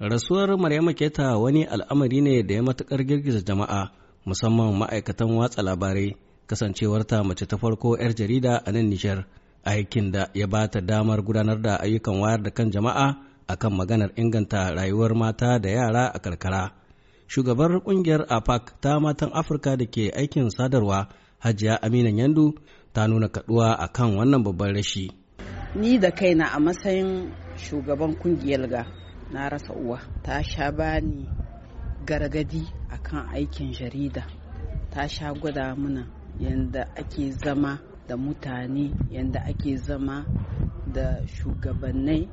Rasuwar Maryama Keta wani al'amari ne da ya matuƙar girgiza jama'a musamman ma'aikatan watsa labarai kasancewarta mace ta farko 'yar jarida a nan Nijar aikin da ya ba ta damar gudanar da ayyukan wayar da kan jama'a akan maganar inganta rayuwar mata da yara a karkara. Shugabar kungiyar APAC ta matan Afirka da ke aikin sadarwa Hajiya Amina Yandu ta nuna kaɗuwa a kan wannan babban rashi. Ni da kaina a matsayin shugaban kungiyar ga na rasa uwa ta sha bani gargadi akan aikin jarida ta sha gwada mana yadda ake zama da mutane yadda ake zama da shugabannai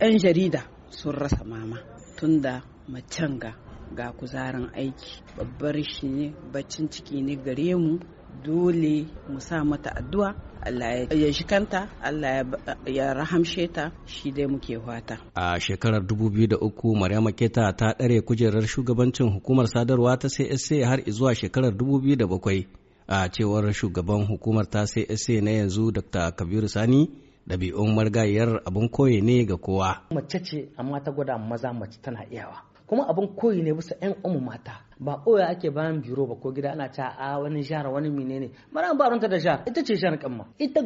'yan jarida sun rasa mama tun da macen ga ga kuzarin aiki babbar shi ne baccin ciki ne gare mu dole mu sa mata addu'a Allah ya shikanta Allah ya rahamshe ta shi dai muke fata. A shekarar 2003 Maryama Keta ta ɗare kujerar shugabancin hukumar sadarwa ta CSA har zuwa shekarar 2007 a cewar shugaban hukumar ta CSA na yanzu Dr. Kabiru Sani ɗabi'un margayar abin koyi ne ga kowa. Mace ce amma ta gwada maza mace tana iyawa. kuma abin koyi ne bisa 'yan umu mata ba koya ake bayan biro ba ko gida ana ta a wani jara wani menene mara an barunta da jara ita ce jara kanma ita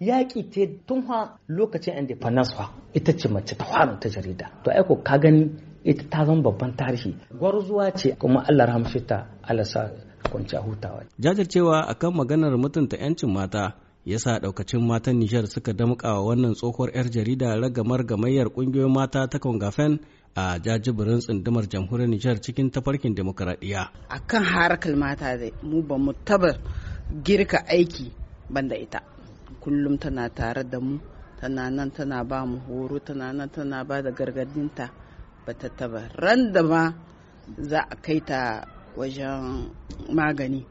yaƙi ce tun ha lokacin independence fa ita ce mace ta fara ta jarida to aiko ka gani ita ta zama babban tarihi gwarzuwa ce kuma Allah shi ta alasa sa kwanci hutawa jajircewa akan maganar mutunta yancin mata yasa daukacin matan Nijar suka damƙa wannan tsohuwar 'yar jarida ragamar gamayyar ƙungiyoyin mata ta Kongafen a jajibirin tsundumar jamhuriyar Nijar cikin tafarkin demokuraɗiyya. A kan harakar mata dai mu ba mu taba girka aiki banda ita. Kullum tana tare da mu, tana nan tana ba mu horo, tana nan tana ba da gargadinta ba ta taba. Ran da ma za a kai ta wajen magani.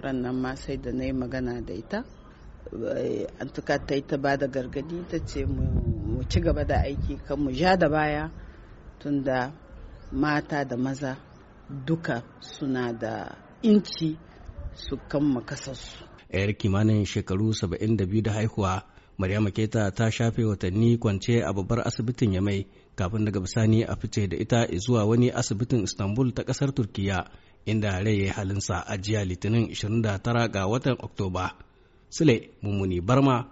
Ran nan ma sai da na yi magana da ita. An tuka ta yi ta ba da gargadi ta ce mu ci gaba da aiki kan mu ja da baya. tunda mata da maza duka suna da inci su kan makasarsu. yar kimanin shekaru 72 da haihuwa maryama keta ta shafe watanni kwance a babbar asibitin yamai kafin daga bisani a fice da ita zuwa wani asibitin istanbul ta kasar turkiya inda rai ya halinsa a jiya litinin 29 ga watan oktoba sule mummuni barma